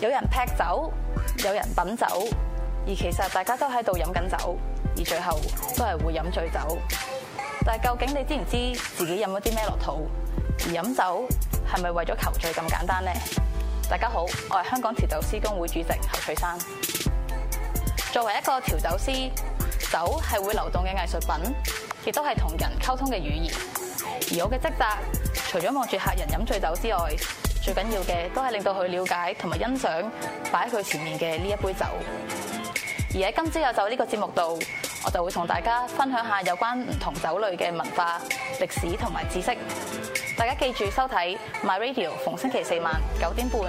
有人劈酒，有人品酒，而其實大家都喺度飲緊酒，而最後都係會飲醉酒。但係究竟你知唔知自己飲咗啲咩落肚？而飲酒係咪為咗求醉咁簡單呢？大家好，我係香港調酒師公會主席侯翠珊。作為一個調酒師，酒係會流動嘅藝術品，亦都係同人溝通嘅語言。而我嘅職責，除咗望住客人飲醉酒之外，最緊要嘅都係令到佢了解同埋欣賞擺喺佢前面嘅呢一杯酒而在。而喺今朝有酒呢、這個節目度，我就會同大家分享一下有關唔同酒類嘅文化、歷史同埋知識。大家記住收睇 My Radio，逢星期四晚九點半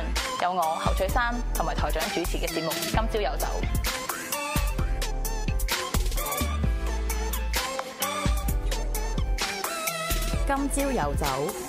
有我侯翠珊同埋台長主持嘅節目《今朝有酒》。今朝有酒。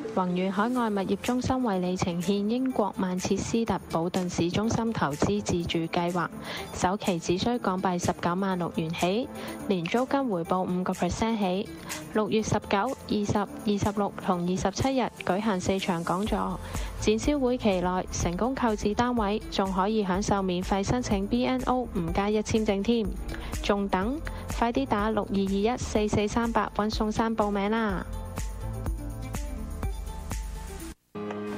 宏遠海外物業中心為你呈獻英國曼徹斯特保頓市中心投資自住計劃，首期只需港幣十九萬六元起，年租金回報五個 percent 起。六月十九、二十、二十六同二十七日舉行四場講座，展銷會期內成功購置單位，仲可以享受免費申請 BNO 五加一簽證添。仲等？快啲打六二二一四四三八搵宋生報名啦！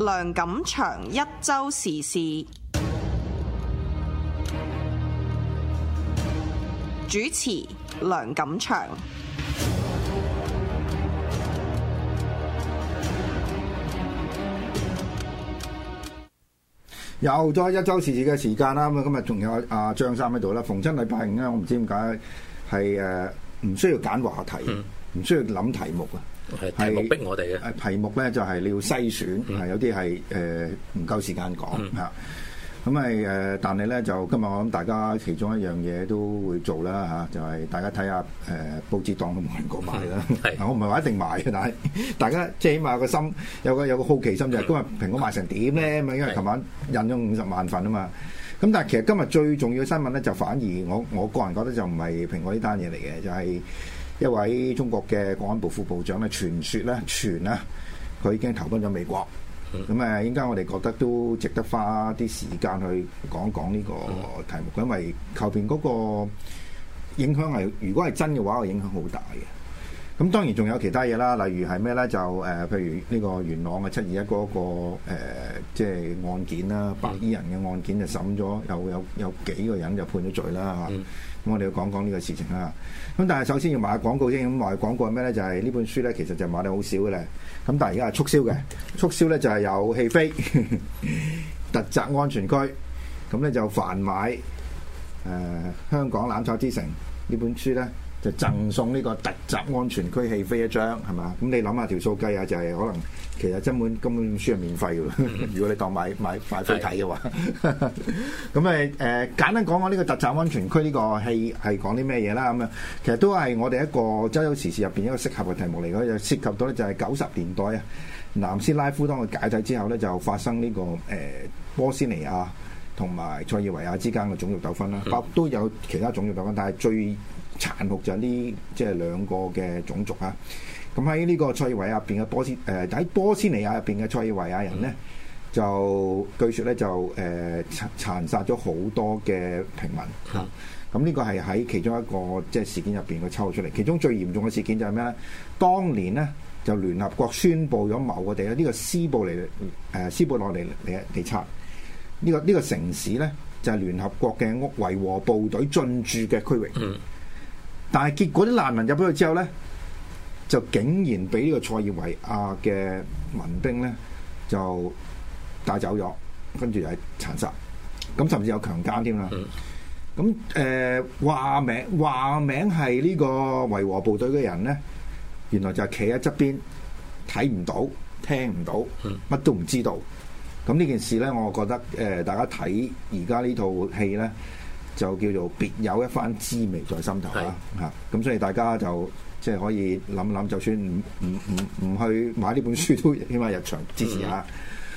梁錦祥一周時事主持，梁錦祥又到一周時事嘅時間啦。咁啊，今日仲有阿張三喺度啦。逢親禮拜五咧，我唔知點解係誒，唔需要揀話題，唔需要諗題目啊。係題目逼我哋嘅，題目咧就係你要篩選，係有啲係誒唔夠時間講吓。咁咪誒，但係咧就今日我諗大家其中一樣嘢都會做啦吓，就係大家睇下誒，報紙檔都冇人講賣啦。我唔係話一定賣嘅，但係大家即係起碼個心有個有個好奇心就係今日蘋果賣成點咧？咁啊，因為琴晚印咗五十萬份啊嘛。咁但係其實今日最重要嘅新聞咧，就反而我我個人覺得就唔係蘋果呢單嘢嚟嘅，就係。一位中國嘅國安部副部長咧，傳説咧，傳啦，佢已經投奔咗美國。咁誒，應該我哋覺得都值得花啲時間去講講呢個題目，因為後邊嗰個影響係，如果係真嘅話，個影響好大嘅。咁當然仲有其他嘢啦，例如係咩咧？就誒、呃，譬如呢個元朗嘅七二一個誒，即、呃、係、就是、案件啦，白衣人嘅案件就審咗，有有有幾個人就判咗罪啦咁、嗯啊、我哋要講講呢個事情啦。咁但係首先要賣廣告先，咁賣廣告係咩咧？就係、是、呢本書咧，其實就賣得好少嘅咧。咁但係而家係促銷嘅，促銷咧就係有戲飛 特襲安全區，咁咧就繁買誒、呃、香港攬炒之城呢本書咧。就贈送呢個突襲安全區戲飛一張，係嘛？咁你諗下條數計下、啊，就係、是、可能其實根本根本本書係免費嘅、嗯、 如果你當買買快飛睇嘅話，咁誒誒簡單講講呢個突襲安全區呢個戲係講啲咩嘢啦？咁、嗯、樣其實都係我哋一個一週時事入邊一個適合嘅題目嚟嘅，又涉及到咧就係九十年代啊南斯拉夫當佢解體之後咧，就發生呢、呢個誒、呃、波斯尼亞同埋塞爾維亞之間嘅種族糾紛啦，嗯、包括都有其他種族糾紛，但係最殘酷就係呢，即係兩個嘅種族啊！咁喺呢個塞爾維亞入邊嘅波斯，誒、呃、喺波斯尼亞入邊嘅塞爾維亞人呢，嗯、就據說呢就誒、呃、殘殺咗好多嘅平民。嚇、嗯！咁呢個係喺其中一個即係、就是、事件入邊佢抽出嚟。其中最嚴重嘅事件就係咩咧？當年呢，就聯合國宣布咗某個地咧，呢、這個斯布尼誒、呃、斯布諾嚟嚟嚟拆呢個呢、這個城市呢，就係、是、聯合國嘅屋維和部隊進駐嘅區域。嗯但係結果啲難民入咗去之後咧，就竟然俾呢個塞爾維亞嘅民兵咧就帶走咗，跟住又係殘殺，咁甚至有強姦添啦。咁誒、呃、話名話名係呢個維和部隊嘅人咧，原來就係企喺側邊睇唔到、聽唔到、乜都唔知道。咁呢件事咧，我覺得誒、呃、大家睇而家呢套戲咧。就叫做別有一番滋味在心頭啦，嚇，咁是、啊、所以大家就即係、就是、可以諗諗，就算唔唔唔唔去買呢本書，都起碼日常支持下、嗯啊。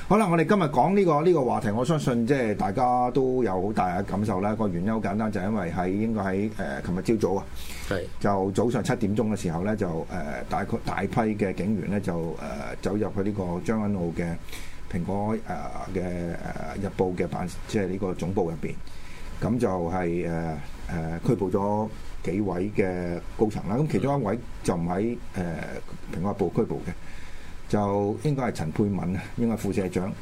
好啦，我哋今日講呢個呢、呢個話題，我相信即係大家都有好大嘅感受啦。個原因好簡單，就係、是、因為喺應該喺誒琴日朝早啊，是就早上七點鐘嘅時候咧，就誒、呃、大大批嘅警員咧就誒走入去呢個將軍澳嘅蘋果誒嘅誒日報嘅辦，即係呢個總部入邊。咁就係誒誒拘捕咗幾位嘅高層啦，咁其中一位就唔喺誒蘋果部拘捕嘅，就應該係陳沛敏，啊，應該係副社長，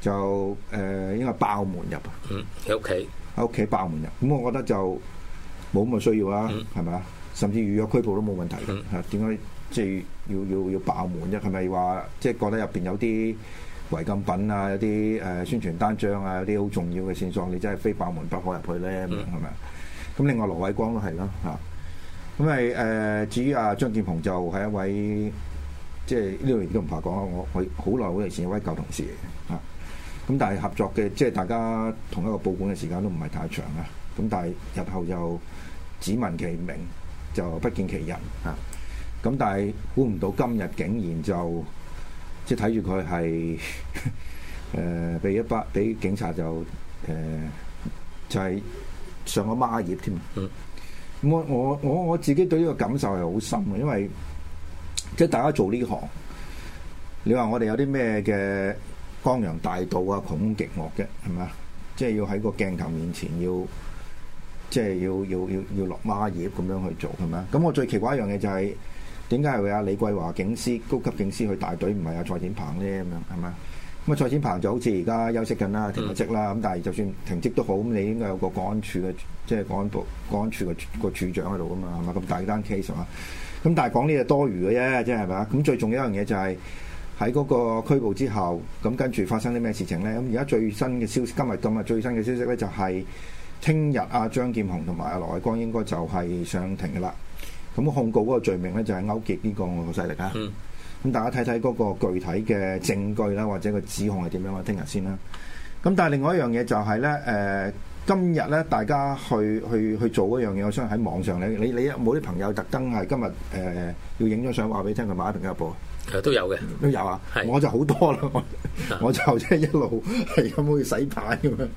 就誒、呃、應該係爆門入啊，喺屋企喺屋企爆門入，咁、嗯、我覺得就冇咁嘅需要啦，係咪啊？甚至預約拘捕都冇問題嘅，嚇點解即係要要要爆門啫？係咪話即係覺得入邊有啲？違禁品啊，有啲誒宣傳單張啊，有啲好重要嘅線索，你真係非爆門不可入去咧，係咪？咁另外羅偉光都係啦。嚇、啊。咁咪誒至於啊張劍虹就係一位，即係呢樣亦都唔怕講啦。我我好耐好耐前一位舊同事嚇。咁、啊、但係合作嘅，即、就、係、是、大家同一個報館嘅時間都唔係太長啊。咁但係日後就只聞其名就不見其人嚇。咁、啊、但係估唔到今日竟然就～即係睇住佢係誒俾一俾警察就、呃、就是、上咗孖葉添，咁、嗯、我我我我自己對呢個感受係好深嘅，因為即、就是、大家做呢行，你話我哋有啲咩嘅江洋大盜啊，窮凶極惡嘅係咪？即係要喺個鏡頭面前要即、就是、要要要要落孖葉咁樣去做係咪？咁我最奇怪的一樣嘢就係、是。點解係會啊？李桂華警司高級警司去大隊，唔係阿蔡展鵬咧咁樣，係咪？咁啊蔡展鵬就好似而家休息緊啦，停咗職啦。咁但係就算停職都好，咁你應該有個國安處嘅，即係國安部、國安處個個處長喺度噶嘛，係咪？咁大單 case 嘛。咁但係講呢就多餘嘅啫，即係咪？嘛？咁最重要一樣嘢就係喺嗰個拘捕之後，咁跟住發生啲咩事情呢？咁而家最新嘅消，息，今日今日最新嘅消息咧就係聽日阿張劍虹同埋阿羅偉光應該就係上庭噶啦。咁控告嗰個罪名咧就係勾結呢個外國勢力啊！咁、嗯、大家睇睇嗰個具體嘅證據啦，或者個指控係點樣啊？聽日先啦。咁但係另外一樣嘢就係、是、咧、呃，今日咧大家去去去做嗰樣嘢，我想喺網上你你你有冇啲朋友特登係今日、呃、要影咗相話俾你聽佢買咗蘋果報啊？其實都有嘅，都有啊！的我就好多啦，我我就即係一路係咁去洗牌咁樣。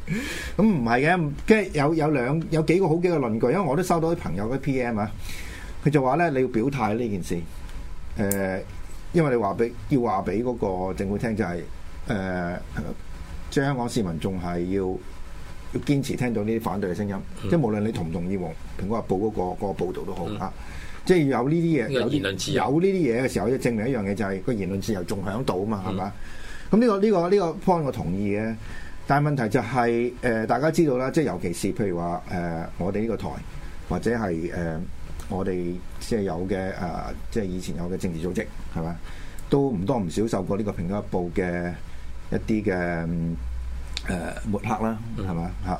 咁唔係嘅，即係的的、嗯、有有兩有幾個好幾個論據，因為我都收到啲朋友嘅 P. M. 啊。佢就話咧，你要表態呢件事，誒、呃，因為你話俾要話俾嗰個政府聽、就是，就係誒，將香港市民仲係要要堅持聽到呢啲反對嘅聲音，嗯、即係無論你同唔同意黃蘋果日報嗰、那個嗰、那個、報道都好啊，嗯、即係要有呢啲嘢有言論自由有呢啲嘢嘅時候，就證明一樣嘢就係個言論自由仲喺度啊嘛，係嘛、嗯？咁呢、這個呢、這個呢、這個 point 我同意嘅，但係問題就係、是、誒、呃，大家知道啦，即係尤其是譬如話誒、呃，我哋呢個台或者係誒。呃我哋即係有嘅誒、啊，即係以前有嘅政治組織，係咪？都唔多唔少受過呢個一部的一的《蘋果報》嘅一啲嘅誒抹黑啦，係咪？嚇、啊、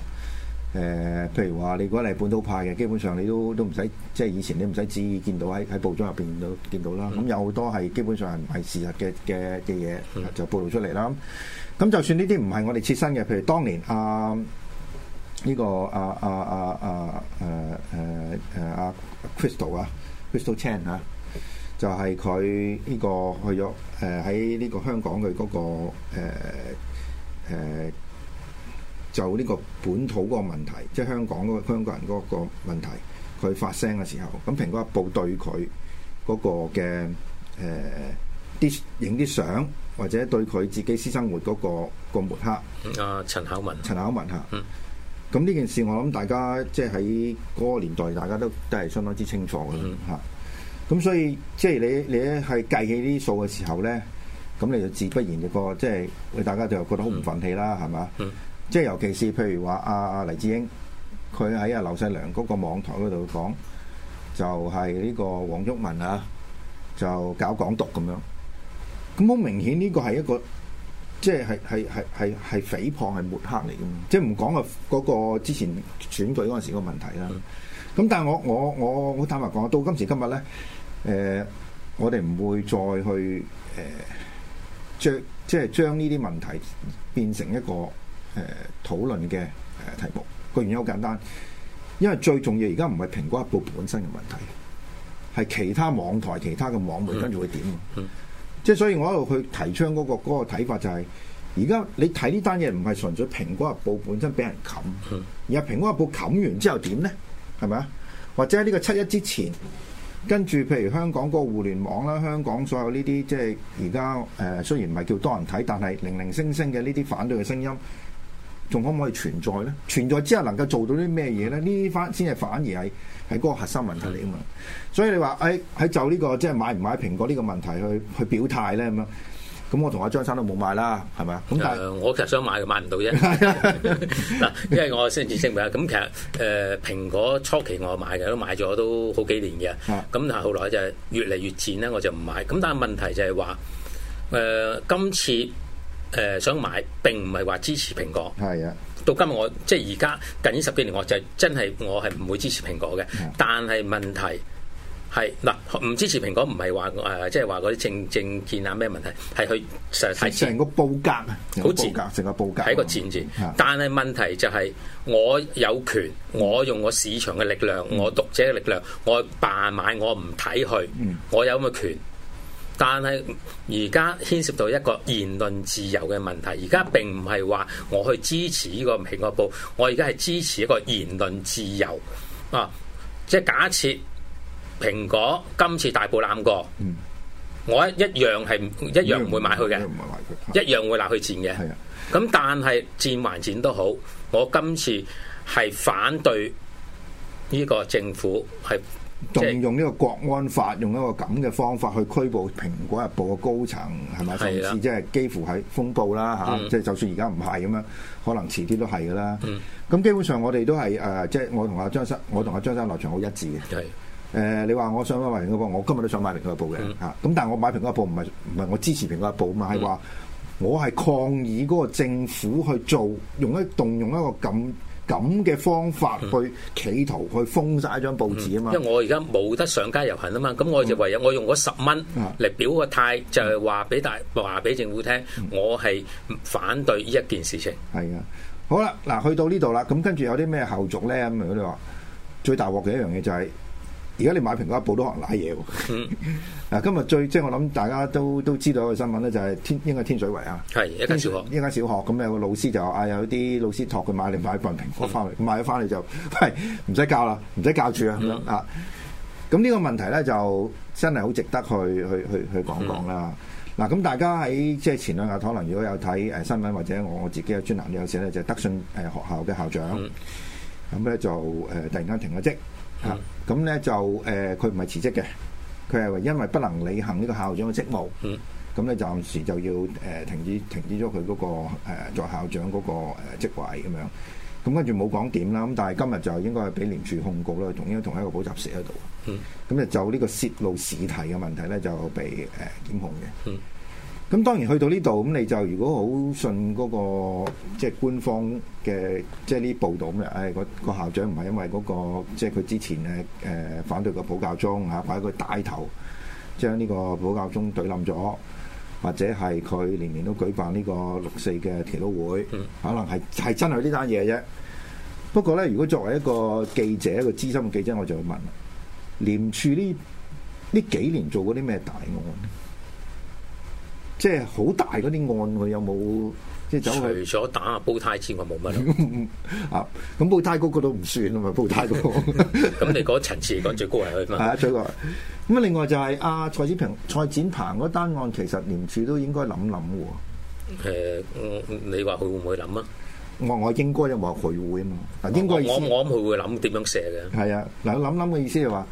誒，譬如話你如果係本土派嘅，基本上你都都唔使，即係以前你唔使旨意見到喺喺報章入邊都見到啦。咁、嗯、有好多係基本上唔係事實嘅嘅嘅嘢就暴露出嚟啦。咁就算呢啲唔係我哋切身嘅，譬如當年啊。呢、這個啊啊啊啊，啊 Crystal 啊，Crystal Chan 就係佢呢個去咗喺呢個香港佢嗰、那個、啊啊、就呢個本土嗰、就是、個問題，即係香港嗰個香港人嗰個問題，佢發聲嘅時候，咁蘋果日報的、啊、一步對佢嗰個嘅啲影啲相，或者對佢自己私生活嗰、那個抹黑，啊陳巧文，陳巧文、嗯咁呢件事我諗大家即係喺嗰個年代，大家都都係相當之清楚嘅嚇。咁、嗯啊、所以即係你你係計起啲數嘅時候咧，咁你就自不然就個即係大家就覺得好唔憤氣啦，係嘛？即係尤其是譬如話阿阿黎智英，佢喺阿劉世良嗰個網台嗰度講，就係、是、呢個黃旭文黃毓民啊，就搞港獨咁樣。咁好明顯呢個係一個。即係係係係係誹謗係抹黑嚟噶嘛？即係唔講啊嗰個之前選舉嗰陣時個問題啦。咁是的 但係我我我好坦白講，到今時今日咧，誒、呃、我哋唔會再去誒將、呃、即係將呢啲問題變成一個誒、呃、討論嘅誒題目。個原因好簡單，因為最重要而家唔係蘋果日報本身嘅問題，係其他網台、其他嘅網媒跟住會點。即係所以，我一路去提倡嗰個嗰個睇法就係，而家你睇呢單嘢唔係純粹蘋果日報本身俾人冚，而係蘋果日報冚完之後點呢？係咪啊？或者喺呢個七一之前，跟住譬如香港嗰個互聯網啦，香港所有呢啲即係而家誒，雖然唔係叫多人睇，但係零零星星嘅呢啲反對嘅聲音。仲可唔可以存在咧？存在之後能夠做到啲咩嘢咧？呢翻先係反而係係嗰個核心問題嚟啊嘛！所以你話誒喺就呢、這個即係、就是、買唔買蘋果呢個問題去去表態咧咁樣？咁我同阿張生都冇買啦，係咪啊？咁但係、呃、我其實想買，買唔到啫。嗱， 因為我先見識埋。咁其實誒、呃、蘋果初期我買嘅都買咗都好幾年嘅。咁、啊、但係後來就係越嚟越賤咧，我就唔買。咁但係問題就係話誒今次。誒、呃、想買並唔係話支持蘋果，係啊的！到今日我即係而家近呢十幾年，我就真係我係唔會支持蘋果嘅。是的但係問題係嗱，唔支持蘋果唔係話誒，即係話嗰啲政、政見有咩問題，係佢成成個報格啊，好賤，成戰個報格喺一個賤字。是的但係問題就係、是、我有權，的我用我市場嘅力，、嗯、力量，我讀者嘅力量，我罷買我唔睇佢，嗯、我有咁嘅權。但係而家牽涉到一個言論自由嘅問題，而家並唔係話我去支持呢個蘋果報，我而家係支持一個言論自由啊！即係假設蘋果今次大步躝過，嗯、我一樣係一樣唔會買佢嘅，去的一樣會鬧佢賤嘅。咁的但係賤還賤都好，我今次係反對呢個政府係。動、就是、用呢個國安法，用一個咁嘅方法去拘捕蘋果日報嘅高層，係咪？是的 甚至即係幾乎係風暴啦嚇，即係、嗯啊就是、就算而家唔係咁樣，可能遲啲都係㗎啦。咁、嗯、基本上我哋都係誒，即、呃、係、就是、我同阿張生，我同阿張生立場好一致嘅。誒對、呃，你話我想買蘋果日報，我今日都想買蘋果日報嘅嚇。咁、嗯啊、但係我買蘋果日報唔係唔係我支持蘋果日報，嘛，係話我係抗議嗰個政府去做，用一動用一個咁。咁嘅方法去企圖去封殺一張報紙啊嘛、嗯，因為我而家冇得上街遊行啊嘛，咁我就唯有我用嗰十蚊嚟表個態，嗯、就係話俾大話俾、嗯、政府聽，我係反對呢一件事情。係啊，好啦，嗱，去到呢度啦，咁跟住有啲咩後續咧？咁如果你話最大鑊嘅一樣嘢就係、是。而家你買蘋果一部都可能賴嘢喎。嗱、嗯， 今日最即係我諗大家都都知道一個新聞咧，就係、是、天應該天水圍啊，係一間小學，一間小學，咁有個老師就，啊有啲老師託佢買嚟買一份蘋果翻嚟，嗯、買咗翻嚟就，喂唔使教啦，唔使教住啊。咁樣啊，咁呢個問題咧就真係好值得去去去去講講啦。嗱、嗯、咁、啊、大家喺即係前兩日可能如果有睇誒新聞或者我，我自己有專欄有寫咧，就是、德信誒學校嘅校長咁咧、嗯、就誒、呃、突然間停咗職。嗯、啊，咁咧就誒，佢唔係辭職嘅，佢係因為不能履行呢個校長嘅職務，咁咧暫時就要、呃、停止停止咗佢嗰個誒、呃、作校長嗰、嗰個、呃、職位咁樣，咁跟住冇講點啦，咁但係今日就應該係畀廉署控告啦，同一同一個補習社喺度，咁、嗯、就呢個泄露試題嘅問題呢，就被誒、呃、檢控嘅。嗯咁當然去到呢度，咁你就如果好信嗰、那個即係、就是、官方嘅即係呢報道咁咧，誒、哎那個校長唔係因為嗰、那個即係佢之前、呃、反對個普教中嚇、啊，或者佢帶頭將呢個普教中對冧咗，或者係佢年年都舉辦呢個六四嘅鐵路會，嗯、可能係真係呢單嘢啫。不過咧，如果作為一個記者一個資深嘅記者，我就會問廉署呢呢幾年做過啲咩大案？即係好大嗰啲案，佢有冇即係走去？除咗打下煲呔之外，冇乜 啊，咁煲呔嗰個都唔算啊嘛，煲呔嗰 個。咁你嗰層次講最高係去嘛？ 啊，最高。咁另外就係、是、阿、啊、蔡子平、蔡展鵬嗰單案，其實廉署都應該諗諗喎。你話佢會唔會諗啊？我我應該因為佢會啊嘛。應該我我諗佢會諗點樣寫嘅。係啊，嗱諗諗嘅意思就話，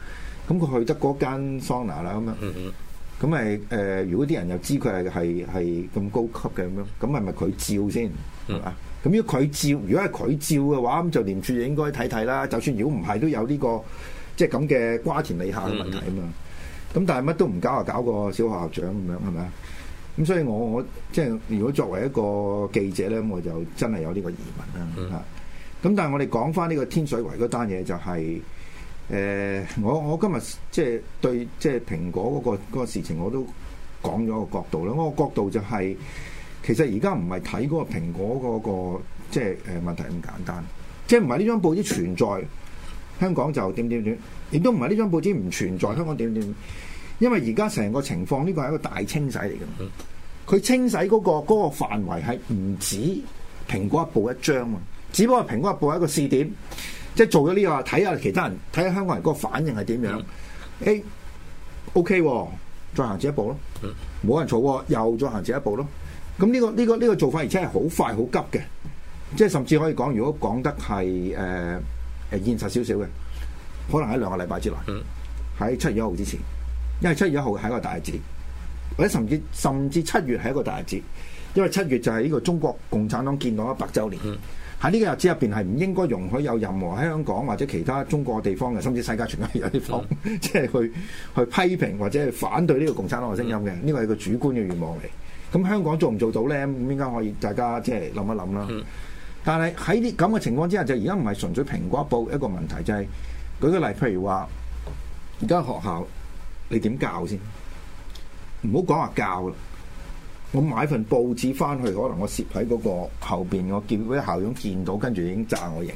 咁佢去得嗰間桑拿啦，咁樣。嗯嗯咁咪、呃、如果啲人又知佢係係係咁高級嘅咁樣，咁係咪佢照先？係嘛、嗯？咁如果佢照，如果係佢照嘅話，咁就廉署應該睇睇啦。就算如果唔係，都有呢個即係咁嘅瓜田李下嘅問題啊嘛。咁、嗯、但係乜都唔搞，又搞個小學校長咁樣係咪啊？咁所以我我即係如果作為一個記者咧，我就真係有呢個疑問啦吓咁、嗯、但係我哋講翻呢個天水圍嗰單嘢就係、是。呃、我我今日即係對即係蘋果嗰、嗰個嗰個事情，我都講咗個角度啦。我、嗰個角度就係、係、其實而家唔係睇嗰個蘋果嗰、嗰個即係誒、呃、問題咁簡單，即係唔係呢張報紙存在香港就點點點，亦都唔係呢張報紙唔存在香港就點點點。因為而家成個情況呢個係一個大清洗嚟嘅，佢清洗嗰、嗰個範圍、嗰個、範圍係唔止蘋果日報一張啊，只不過是蘋果日報係一個試點。即係做咗呢、這個睇下其他人，睇下香港人嗰個反應係點樣？A、嗯欸、OK，再行前一步咯，冇、嗯、人嘈又再行前一步咯。咁呢、這個呢、這個呢、這個做法，而且係好快好急嘅，即係甚至可以講，如果講得係誒誒現實少少嘅，可能喺兩個禮拜之內，喺七月一號之前，因為七月一號係一個大日子，或者甚至甚至七月係一個大日子，因為七月就係呢個中國共產黨建黨一百周年。嗯喺呢個日子入邊係唔應該容許有任何喺香港或者其他中國嘅地方嘅，甚至世界全亞有啲地方，即係、嗯、 去去批評或者係反對呢個共產黨嘅聲音嘅，呢個係個主觀嘅願望嚟。咁香港做唔做到咧？應該可以大家即係諗一諗啦。但係喺啲咁嘅情況之下，就而家唔係純粹蘋果報一個問題，就係、是、舉個例，譬如話而家學校你點教先？唔好講話教啦。我買份報紙翻去，可能我攝喺嗰個後面。我見嗰啲校長見到，跟住已經炸我型，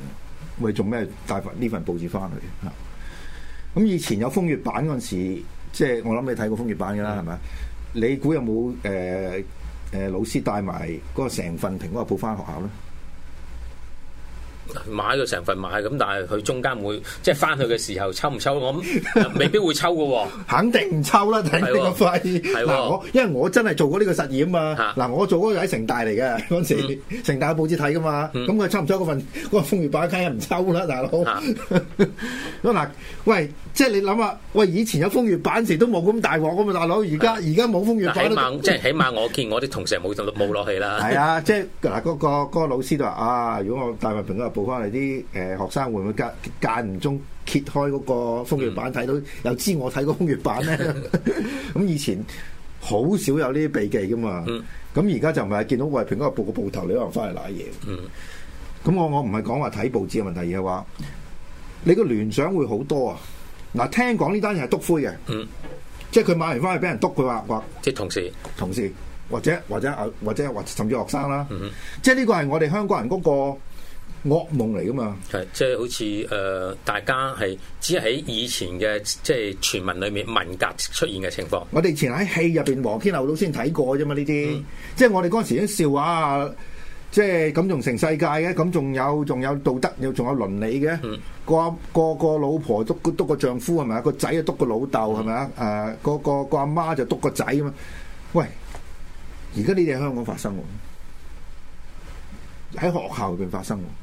喂，做咩帶份呢份報紙翻去？咁以前有風月版嗰陣時，即係我諗你睇過風月版噶啦，係咪？嗯，你估有冇誒，呃呃，老師帶埋嗰個成份蘋果報翻學校咧？買咗成份買咁，但係佢中間會即係翻去嘅時候抽唔抽咁？我諗未必會抽噶、哦， 肯定唔抽啦！睇頂個肺嗱，我、哦哦、因為我真係做過呢個實驗啊！嗱，我做嗰個喺城大嚟嘅，嗰時城大嘅報紙睇噶嘛，咁佢、啊、抽唔抽嗰份嗰、那個風月版？梗係唔抽啦，大佬嗱、啊， 喂，即係你諗下，喂，以前有風月版時都冇咁大鑊咁嘛，大佬，而家而家冇風月版即係起碼、就是、我見我啲同事冇就冇落去啦。係啊，即係嗱嗰個、那個老師就話啊，如果我大物報翻嚟啲誒，學生會唔會間間唔中揭開嗰個風月版睇、嗯、到？又知我睇過風月版咧？咁 以前好少有呢啲秘技噶嘛？咁而家就唔係見到喂，蘋果報個報頭，你可能翻嚟拿嘢。咁、嗯、我我唔係講話睇報紙嘅問題嘅話，你個聯想會好多啊！嗱，聽講呢單嘢係督灰嘅，即係佢買完翻去俾人督，佢話話即係同事、同事或者或者啊或者甚至學生啦，嗯嗯、即係呢個係我哋香港人嗰、那個。噩夢嚟噶嘛？係即係好似誒、呃，大家係只喺以前嘅即係傳聞裏面，文革出現嘅情況。我哋以前喺戲入面黃天浩都先睇過啫嘛。呢啲、嗯、即係我哋嗰陣時啲笑話，即係咁仲成世界嘅，咁仲有仲有道德，又仲有倫理嘅。嗯那個個個老婆督督個丈夫係咪啊？個仔啊督個老豆係咪啊？誒、嗯呃、個個阿媽，媽就督個仔啊嘛。喂，而家呢啲喺香港發生喎，喺學校入邊發生喎。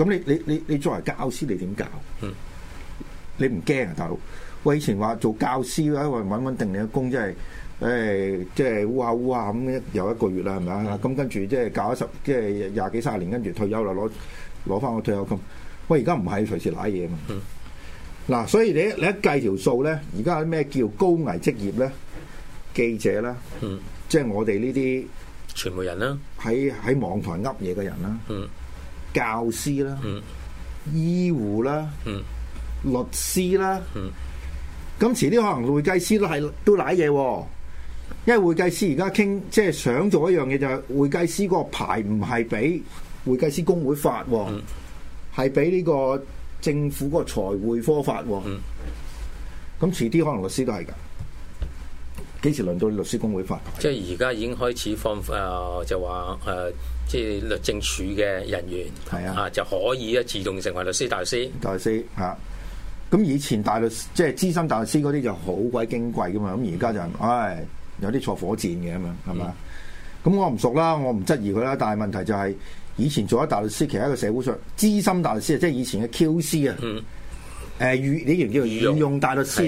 咁你你你你作為教師你點搞？嗯，你唔驚啊，大佬？喂，以前話做教師啊，話穩穩定定工作，即係誒，即係哇哇，烏咁，又一個月啦，係咪啊？咁、嗯、跟住即係搞咗十，即係廿幾卅年，跟住退休啦，攞攞翻個退休金。喂，而家唔係隨時瀨嘢嘛？嗱、嗯啊，所以你你一計條數咧，而家有啲咩叫高危職業咧？記者啦，即係、嗯、我哋呢啲傳媒人啦，喺喺網台噏嘢嘅人啦，嗯。教師啦，嗯、醫護啦，嗯、律師啦，咁遲啲可能會計師都係都瀨嘢，哦，因為會計師而家傾，即、就、係、是、想做一樣嘢就係會計師個牌唔係俾會計師公會發，哦，係俾呢個政府嗰個財會科發，哦，咁遲啲可能律師都係㗎，幾時輪到律師公會發？即係而家已經開始放誒、呃，就話誒。呃即係律政署嘅人員，係啊，啊，就可以咧自動成為律師大律師。大律師吓，咁、啊、以前大律師即係資深大律師嗰啲就好鬼矜貴噶嘛，咁而家就，唉，有啲坐火箭嘅咁樣，係嘛？咁、嗯、我唔熟啦，我唔質疑佢啦，但係問題就係、是、以前做咗大律師，其實一個社會上資深大律師啊，即係以前嘅 Q.C. 啊，誒、呃，預你叫唔叫？御用，御用大律師？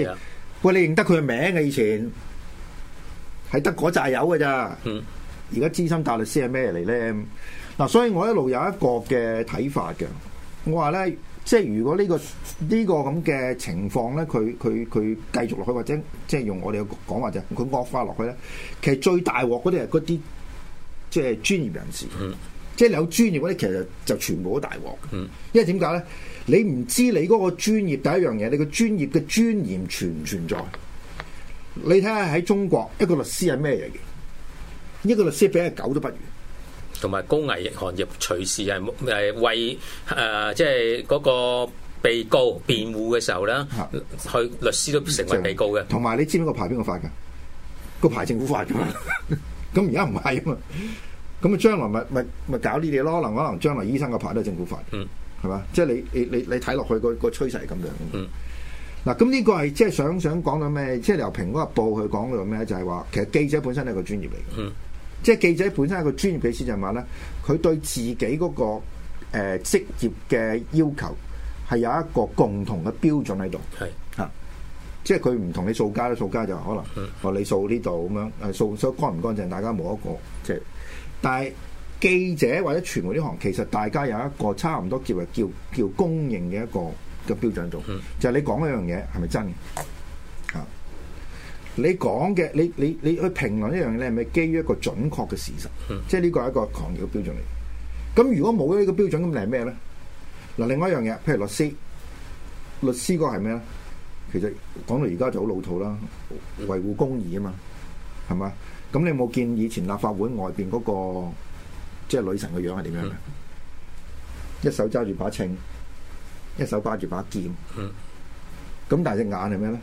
喂、啊，你認得佢嘅名嘅以前，係得嗰扎油嘅咋？嗯而家資深大律師係咩嚟咧？嗱、啊，所以我一路有一個嘅睇法嘅。我話咧，即係如果呢、呢個呢、呢個咁嘅情況咧，佢佢佢繼續落去，或者即係用我哋嘅講話就係佢惡化落去咧。其實最大鑊嗰啲係嗰啲即係專業人士，mm. 即係你有專業嗰啲，其實就全部都大鑊。Mm. 因為點解咧？你唔知道你嗰個專業第一樣嘢，你個專業嘅尊嚴存唔存在？你睇下喺中國一個律師係咩嚟嘅？一個律師比隻狗都不如，同埋高危行業隨時係誒為誒即係嗰個被告辯護嘅時候咧，佢、嗯、律師都成為被告嘅、嗯。同、就、埋、是、你知唔知個牌邊個發噶？個牌政府發噶，咁而家唔係啊嘛，咁啊將來咪咪咪搞呢啲嘢咯。可能可能將來醫生個牌都係政府發的嗯這，嗯，係嘛、嗯？即係你你你你睇落去個個趨勢係咁樣。嗱、就是，咁呢個係即係想想講到咩？即係由蘋果日報去講到咩就係話，其實記者本身係個專業嚟嘅。嗯。即係記者本身係個專業，記者就話咧，佢對自己嗰、那個誒、呃、職業嘅要求係有一個共同嘅標準喺度。係是啊，即係佢唔同你掃街啦，掃街就可能話是你掃呢度咁樣，掃掃乾唔乾淨，大家冇一個即係。但係記者或者傳媒呢行，其實大家有一個差唔多叫叫叫公認嘅一個嘅標準喺度，是就係你講一樣嘢係咪真嘅？你講嘅你你你去評論一樣嘢，你係咪基於一個準確嘅事實？嗯、即係呢個係一個狂熱嘅標準嚟。咁如果冇咗呢個標準，咁你係咩咧？嗱，另外一樣嘢，譬如律師，律師個係咩咧？其實講到而家就好老土啦，維護公義啊嘛，係嘛？咁你有冇見以前立法會外邊嗰、那個即係、就是、女神嘅樣係點樣嘅、嗯？一手揸住把秤，一手揸住把劍，咁、嗯、但係隻眼係咩咧？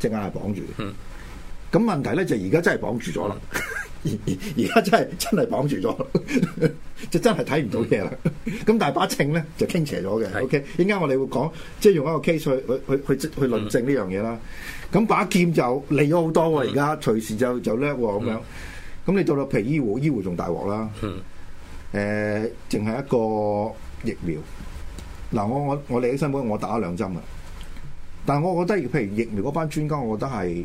隻眼係綁住嘅。嗯。咁問題咧就而家真係綁住咗啦，而而家真係真係綁住咗，就真係睇唔到嘢啦。咁大把秤咧就傾斜咗嘅。OK，一陣是我哋會講，即係用一個 case 去去去去去論證呢樣嘢啦。咁把劍就利咗好多喎，而家、嗯、隨時就就甩喎咁樣。咁你到到譬如醫護醫護仲大鑊啦。誒、嗯，淨係、呃、一個疫苗。嗱，我我我喺新聞，我打咗兩針啦，但我覺得譬如疫苗嗰班專家，我覺得係。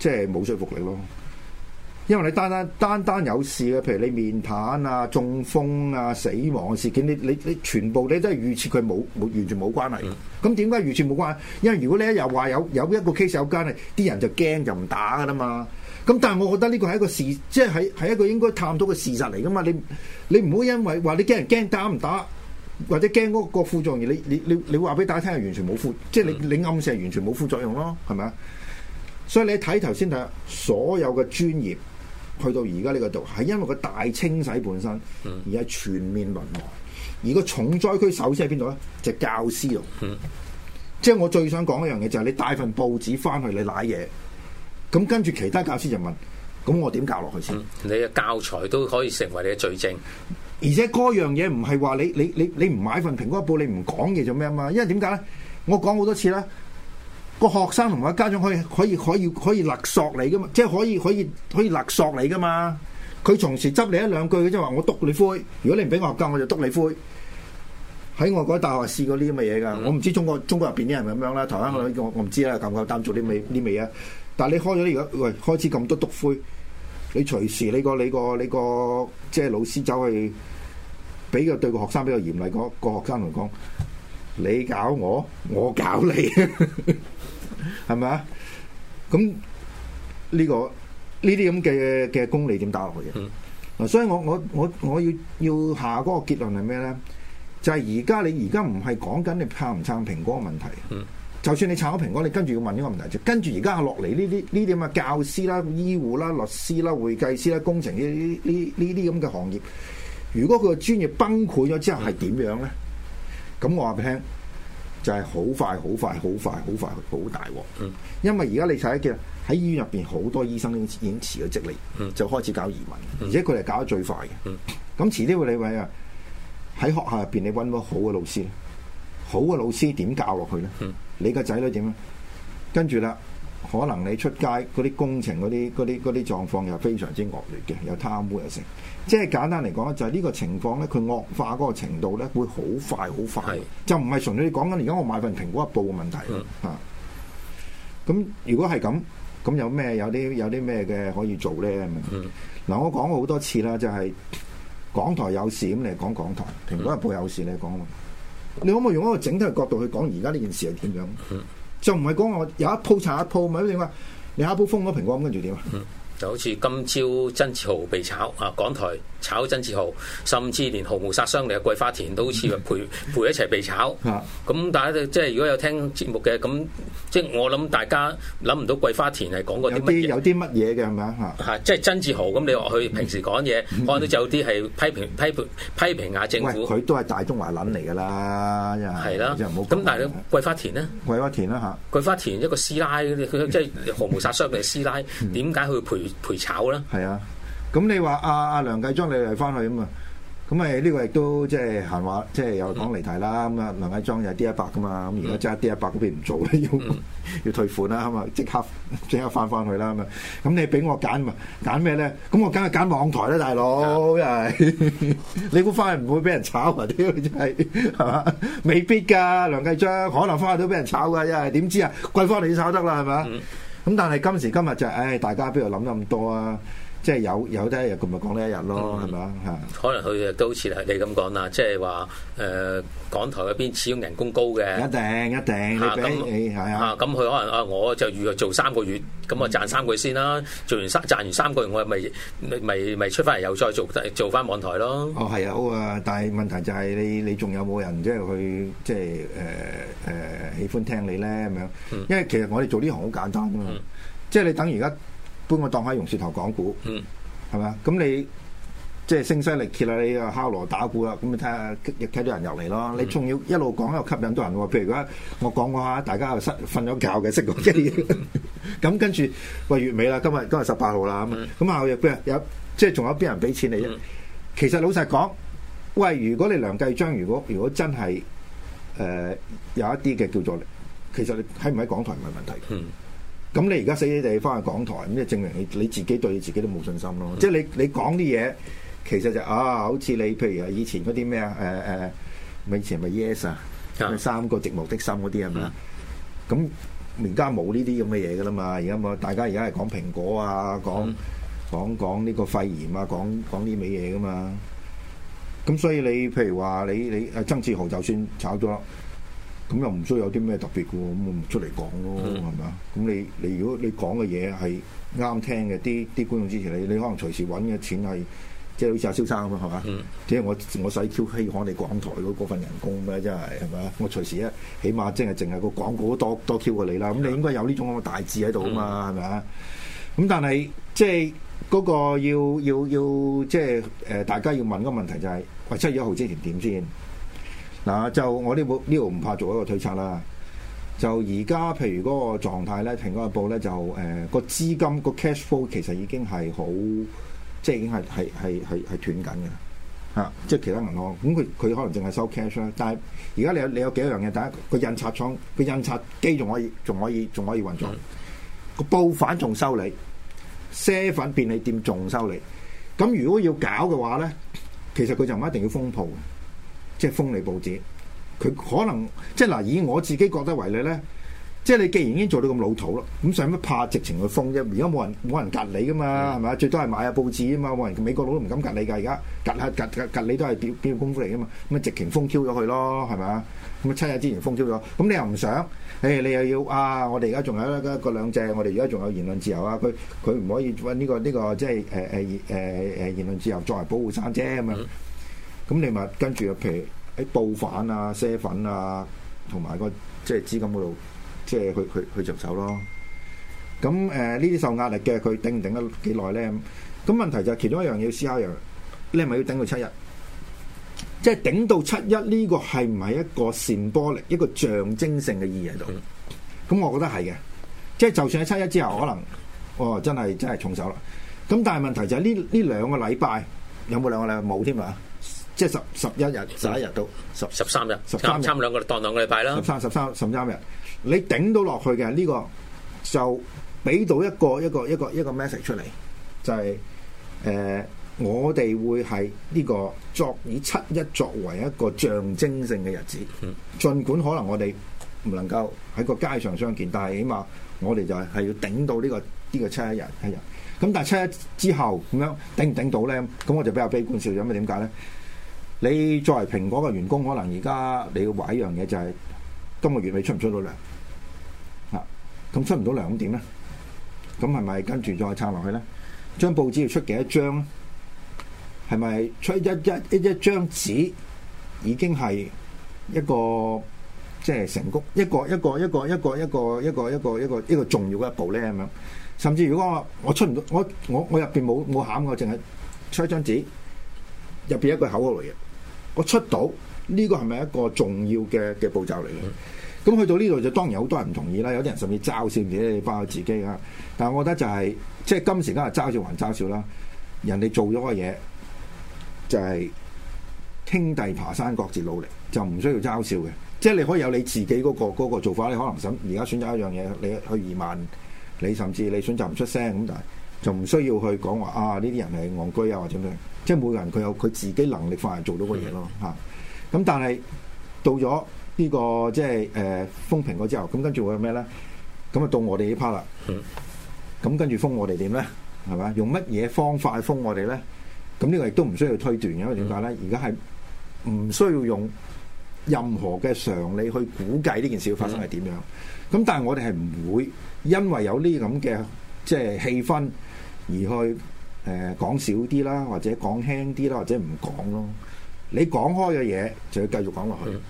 即係冇說服力咯，因為你單單單單有事嘅，譬如你面癱啊、中風啊、死亡嘅事件，你你你全部你都係預設佢冇冇完全冇關係。咁點解完全冇關係？因為如果你一又話有有一個 case 有關係，啲人就驚就唔打噶啦嘛。咁但係我覺得呢個係一個事，即係喺係一個應該探討嘅事實嚟噶嘛。你你唔好因為話你驚人驚打唔打，或者驚嗰個副作用你，你你你你話俾大家聽係完全冇副，mm. 即係你你暗示係完全冇副作用咯，係咪啊？所以你睇頭先睇下，所有嘅專業去到而家呢個度，係因為個大清洗本身而，而係全面淪亡。而個重災區首先喺邊度咧？就係教師度。即係我最想講一樣嘢，就係你帶份報紙翻去你瀨嘢，咁跟住其他教師就問，咁我點教落去先？你嘅教材都可以成為你嘅罪證。而且嗰樣嘢唔係話你你你你唔買一份蘋果報，你唔講嘢做咩啊嘛？因為點解咧？我講好多次啦。個學生同埋家長可以可以可以可以，可以勒索你噶嘛，即係可以可以可以勒索你噶嘛。佢隨時執你一兩句，即係話我督你灰。如果你唔俾我教，我就督你灰。喺外國大學試過呢啲咁嘅嘢㗎。嗯、我唔知中國中國入邊啲人係咪咁樣啦。台灣、嗯、我唔知啦，夠唔夠膽做啲咩啲咩嘢？但係你開咗呢個，喂，開始咁多督灰，你隨時你個你個你個即係、就是、老師走去，比較對個學生比較嚴厲，個個學生嚟講，你搞我，我搞你。 係咪啊？咁呢、呢個呢啲咁嘅嘅功利點打落去嘅？嗯、所以我我我我要要下嗰個結論係咩咧？就係而家你而家唔係講緊你撐唔撐蘋果嘅問題。嗯、就算你撐咗蘋果，你跟住要問呢個問題，就跟住而家落嚟呢啲呢啲咁嘅教師啦、醫護啦、律師啦、會計師啦、工程呢呢呢呢啲咁嘅行業，如果佢個專業崩潰咗之後係點樣咧？咁、嗯、我話俾你聽。就係好快、好快、好快、好快、好大鑊！因為而家你睇嘅喺醫院入邊，好多醫生已經已經辭咗職嚟，就開始搞移民，而且佢哋搞得最快嘅。咁遲啲會你位啊喺學校入邊，你揾到好嘅老師咧？好嘅老師點教落去咧？你個仔女點咧？跟住啦，可能你出街嗰啲工程嗰啲啲啲狀況又非常之惡劣嘅，有貪污又成。即係簡單嚟講咧，就係、是、呢個情況咧，佢惡化嗰個程度咧，會好快好快，很快是就唔係純粹你講緊而家我買份蘋果日報嘅問題吓。咁是、啊、如果係咁，咁有咩有啲有啲咩嘅可以做咧？嗱是、啊，我講過好多次啦，就係、是、港台有事咁，你講港台；蘋果日報有事，你講。你可唔可以用一個整體嘅角度去講而家呢件事係點樣？就唔係講我有一鋪查一鋪，咪你話你你下鋪封咗蘋果，咁跟住點啊？就好似今朝曾志豪被炒啊，港台炒曾志豪，甚至連毫無殺傷力嘅桂花田都好似陪 陪一齊被炒。咁大家即係如果有聽節目嘅，咁即係我諗大家諗唔到桂花田係講過啲有啲有啲乜嘢嘅係咪啊？即係曾志豪咁，你話佢平時講嘢，看到 有啲係批評批評批評下、啊、政府，佢 都係大中華撚嚟㗎啦，係啦。咁、啊。咁但係桂花田咧，桂花田啦、啊、吓， 桂花田一個師奶佢即係毫無殺傷力師奶，點解佢陪？陪炒啦，係啊！咁你話阿阿梁繼章你嚟翻去咁嘛？咁啊呢個亦都即係閒話，即係又講離題啦。咁啊、嗯，梁繼章又 D100 噶嘛？咁如果真係 D100，嗰邊唔做啦，要、嗯、 要退款啦，咁啊即刻即刻返翻去啦，咁啊？咁你俾我揀嘛？揀咩咧？咁我梗係揀網台啦，大佬又係你估翻去唔會俾人炒啊？屌你真係係嘛？未必噶，梁繼章可能翻去都俾人炒噶，又係點知啊？貴方你炒得啦，係嘛？嗯咁但係今時今日就係，唉，大家邊度諗得咁多啊？即係有有得一日，咁咪講呢一日咯，係咪啊？可能佢都好似你咁講啦，即係話誒港台嗰邊始終人工高嘅，一定一定，嚇咁，係啊，咁佢可能啊，我就預約做三個月，咁啊賺三個月先啦，做完賺完三個月，我咪咪咪出翻嚟又再做做翻網台咯。哦，係啊，好啊，但係問題就係你你仲有冇人即係去即係誒誒喜歡聽你咧咁樣？因為其實我哋做呢行好簡單㗎嘛，即係你等而家。搬我當喺榕樹頭講古，係嘛、嗯？咁你即係聲嘶力竭啦，就是、星星你又敲鑼打鼓啦，咁你睇下亦睇到人入嚟咯。嗯、你仲要一路講又吸引到人喎。譬如而家我講講下，大家又瞓瞓咗覺嘅，識講嘢。咁、嗯 嗯、跟住喂，月尾啦，今，日今日日今、嗯、日十八號啦，咁咁後日有即係仲有邊人俾錢你？嗯、其實老實講，喂，如果你梁繼張，如果如果真係誒、呃、有一啲嘅叫做，其實你喺唔喺港台唔係問題。嗯咁你而家死死地翻去港台，咁即係證明你你自己對自己都冇信心咯。嗯、即係你你講啲嘢，其實就啊，好似你譬如啊、呃呃，以前嗰啲咩啊，咪以前咪 Yes 啊，嗯、三個寂寞的心嗰啲係咪啊？咁而家冇呢啲咁嘅嘢噶啦嘛，而家我大家而家係講蘋果啊，講、嗯、講講呢個肺炎啊，講講啲咩嘢噶嘛。咁所以你譬如話，你你啊曾志豪就算炒咗。咁又唔需要有啲咩特別嘅，咁我出嚟講咯，係咪啊？咁你你如果你講嘅嘢係啱聽嘅，啲啲觀眾支持你，你可能隨時揾嘅錢係，即係好似阿蕭生咁樣，係嘛？即係、嗯、我我使 Q 稀罕你港台嗰份人工咩？真係係咪啊？我隨時啊，起碼即係淨係個廣告多多 Q 過你啦。咁你應該有呢種咁嘅大志喺度啊嘛，係咪啊？咁但係即係嗰、那個要要要即係誒、呃、大家要問嘅問題就係、是，喂、呃、七月一號之前點先？嗱、啊，就我呢呢度唔怕做一個推測啦。就而家譬如嗰個狀態咧，停嗰個報咧，就誒個、呃、資金個 cash flow 其實已經係好，即係已經係係係係係斷緊嘅。嚇、啊，即係其他銀行，咁佢佢可能淨係收 cash 啦。但係而家你有你有幾多樣嘢？第一個印刷廠，個印刷機仲可以，仲可以，仲可以運作。個報販仲收你，些粉便利店仲收你。咁如果要搞嘅話咧，其實佢就唔一定要封鋪。即係封你報紙，佢可能即係嗱、啊，以我自己覺得為例咧，即係你既然已經做到咁老土咯，咁使乜怕直情去封啫？而家冇人冇人隔你噶嘛，係咪啊？最多係買下報紙啊嘛，冇人美國佬都唔敢隔你㗎，而家隔下隔隔你都係表表功夫嚟㗎嘛，咁啊直情封飄咗佢咯，係咪啊？咁啊七日之前封飄咗，咁你又唔想？誒、哎，你又要啊？我哋而家仲有一個兩隻，我哋而家仲有言論自由啊！佢佢唔可以揾呢、呢個呢、呢個即係誒誒誒誒言論自由作為保護傘啫咁啊！咁你咪跟住啊，譬如喺暴反啊、啡粉啊，同埋個即係資金嗰度，即係去去去著手咯。咁誒呢啲受壓力嘅，佢頂唔頂得幾耐咧？咁問題就係其中一樣要思考一樣，你係咪要頂到七一？即係頂到七一呢個係唔係一個 symbolic，一個象徵性嘅意義喺度？咁我覺得係嘅，即係就算喺七一之後，可能哦真係真係重手啦。咁但係問題就係呢呢兩個禮拜有冇兩個禮冇添啊？即係十十一日，十一日到十十三日，十三日差兩個當兩個禮拜啦。十三十三十三日，你頂到落去嘅呢、這個就俾到一個一個一個一個 message 出嚟，就係、是、誒、呃，我哋會係呢個作以七一作為一個象徵性嘅日子。盡、嗯、管可能我哋唔能夠喺個街上相見，但係起碼我哋就係要頂到呢、這個呢、這個七一日一日。咁但係七一之後咁樣頂唔頂到咧？咁我就比較悲觀少咗，因為點解咧？你作為蘋果嘅員工，可能而家你要話一樣嘢就係、是、今個月你出唔出到糧啊？咁出唔到糧點咧？咁係咪跟住再撐落去咧？張報紙要出幾多張？係咪出一一一,一張紙已經係一個即係、就是、成功一個一個一個一個一個一個一個一個一個重要嘅一步咧？咁樣甚至如果我出不我出唔到我我我入邊冇冇餡，我淨係出一張紙，入邊一個口號嚟嘅。我出到呢個係咪一個重要嘅嘅步驟嚟嘅？咁是的 去到呢度就當然好多人唔同意啦，有啲人甚至嘲笑自己，包括自己啊！但係我覺得就係即係今時今日嘲笑還嘲笑啦，人哋做咗嘅嘢就係兄弟爬山各自努力，就唔需要嘲笑嘅。即係你可以有你自己嗰個做法，你可能選而家選擇一樣嘢，你去移民，你甚至你選擇唔出聲咁，但係就唔需要去講話啊！呢啲人係戇居啊或者咩？即係每個人佢有佢自己能力範圍做到嘅嘢咯，嚇的。咁、嗯、但係到咗呢、這個即係誒封蘋果之後，咁跟住會有咩咧？咁啊到我哋呢 part 啦，咁跟住封我哋點咧？係咪？用乜嘢方法封我哋咧？咁呢個亦都唔需要推斷，因為點解咧？而家係唔需要用任何嘅常理去估計呢件事要發生係點樣？咁的但係我哋係唔會因為有呢啲咁嘅即係氣氛而去。誒，講少啲啦，或者講輕啲啦，或者唔講咯。你講開嘅嘢，就要繼續講落去，嗯、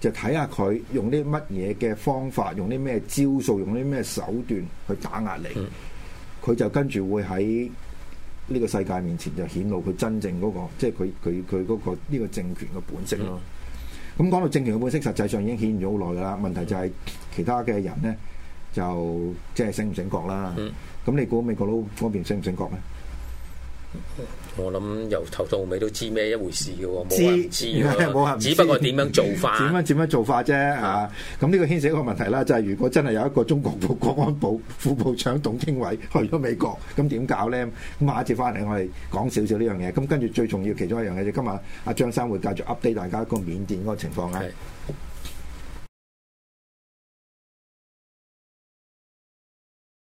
就睇下佢用啲乜嘢嘅方法，用啲咩招數，用啲咩手段去打壓你。佢、嗯、就跟住會喺呢個世界面前就顯露佢真正嗰、嗰個，即係佢佢佢嗰個呢、呢個政權嘅本色咯。咁、嗯、講到政權嘅本色，實際上已經顯現咗好耐啦。問題就係其他嘅人呢，就即係、就係、醒唔醒覺啦。咁、嗯、你估美國佬方面醒唔醒覺呢？我諗由頭到尾都知咩一回事喎，冇人知冇人只不過點樣做法，點樣點樣做法啫吓。咁呢、啊、個牽涉一個問題啦，就係、是、如果真係有一個中國部國安部副部長董經緯去咗美國，咁點搞咧？咁下一次翻嚟我哋講少少呢樣嘢。咁跟住最重要其中一樣嘢，就今日阿張生會繼續 update 大家一個緬甸嗰個情況啊。